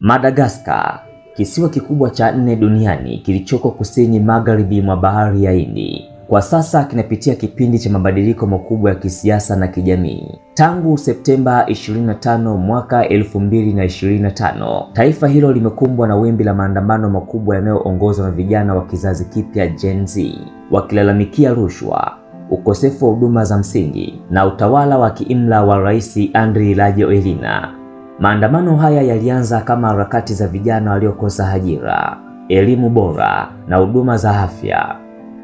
Madagascar, kisiwa kikubwa cha nne duniani kilichoko kusini magharibi mwa bahari ya Hindi, kwa sasa kinapitia kipindi cha mabadiliko makubwa ya kisiasa na kijamii. Tangu Septemba 25 mwaka 2025, taifa hilo limekumbwa na wimbi la maandamano makubwa yanayoongozwa na vijana wa kizazi kipya Gen Z, wakilalamikia rushwa, ukosefu wa huduma za msingi na utawala wa kiimla wa Rais Andry Rajoelina Maandamano haya yalianza kama harakati za vijana waliokosa ajira, elimu bora na huduma za afya.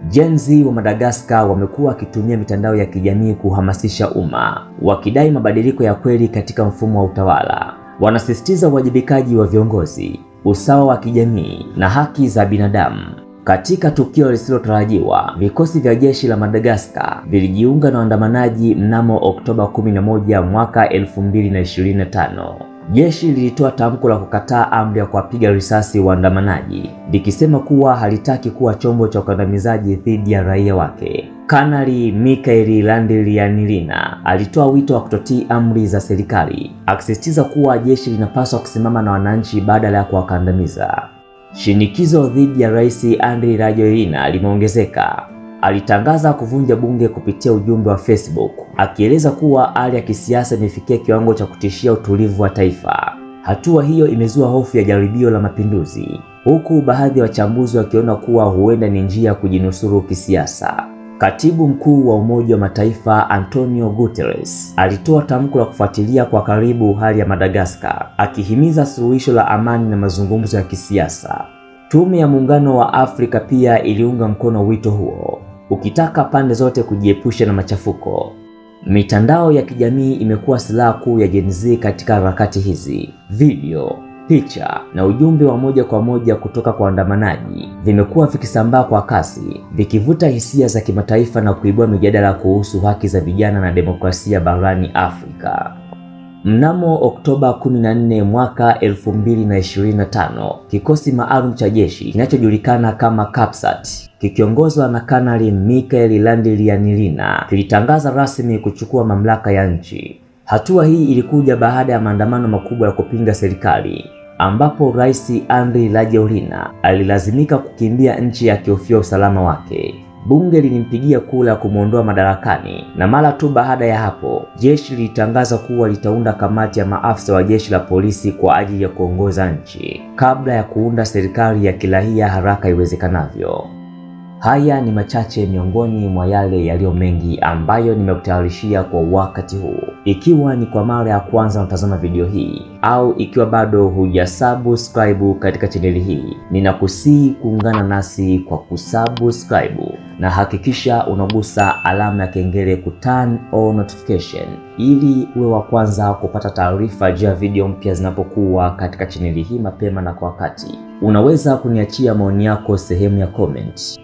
Gen Z wa Madagascar wamekuwa wakitumia mitandao ya kijamii kuhamasisha umma, wakidai mabadiliko ya kweli katika mfumo wa utawala. Wanasisitiza uwajibikaji wa viongozi, usawa wa kijamii na haki za binadamu. Katika tukio lisilotarajiwa, vikosi vya jeshi la Madagascar vilijiunga na waandamanaji mnamo Oktoba 11 mwaka 2025. Jeshi lilitoa tamko la kukataa amri ya kuwapiga risasi waandamanaji, likisema kuwa halitaki kuwa chombo cha ukandamizaji dhidi ya raia wake. Kanali Mikael Landrianirina alitoa wito wa kutotii amri za serikali, akisisitiza kuwa jeshi linapaswa kusimama na wananchi badala ya kuwakandamiza. Shinikizo dhidi ya Rais Andry Rajoelina limeongezeka. Alitangaza kuvunja bunge kupitia ujumbe wa Facebook, akieleza kuwa hali ya kisiasa imefikia kiwango cha kutishia utulivu wa taifa. Hatua hiyo imezua hofu ya jaribio la mapinduzi, huku baadhi ya wachambuzi wakiona kuwa huenda ni njia ya kujinusuru kisiasa. Katibu mkuu wa Umoja wa Mataifa Antonio Guterres alitoa tamko la kufuatilia kwa karibu hali ya Madagascar, akihimiza suluhisho la amani na mazungumzo ya kisiasa. Tume ya Muungano wa Afrika pia iliunga mkono wito huo, ukitaka pande zote kujiepusha na machafuko. Mitandao ya kijamii imekuwa silaha kuu ya Gen Z katika harakati hizi. Video picha na ujumbe wa moja kwa moja kutoka kwa waandamanaji vimekuwa vikisambaa kwa kasi, vikivuta hisia za kimataifa na kuibua mijadala kuhusu haki za vijana na demokrasia barani Afrika. Mnamo Oktoba 14 mwaka 2025, kikosi maalum cha jeshi kinachojulikana kama Capsat kikiongozwa na Kanali Michael Landilianilina kilitangaza rasmi kuchukua mamlaka ya nchi. Hatua hii ilikuja baada ya maandamano makubwa ya kupinga serikali ambapo Rais Andry Rajoelina alilazimika kukimbia nchi akihofia usalama wake. Bunge lilimpigia kura ya kumwondoa madarakani, na mara tu baada ya hapo jeshi lilitangaza kuwa litaunda kamati ya maafisa wa jeshi la polisi kwa ajili ya kuongoza nchi kabla ya kuunda serikali ya kiraia haraka iwezekanavyo. Haya ni machache miongoni mwa yale yaliyo mengi ambayo nimekutayarishia kwa wakati huu. Ikiwa ni kwa mara ya kwanza unatazama video hii au ikiwa bado hujasubscribe katika chaneli hii, ninakusihi kuungana nasi kwa kusubscribe na hakikisha unagusa alama ya kengele ku turn on notification ili uwe wa kwanza kupata taarifa juu ya video mpya zinapokuwa katika chaneli hii mapema na kwa wakati. Unaweza kuniachia maoni yako sehemu ya comment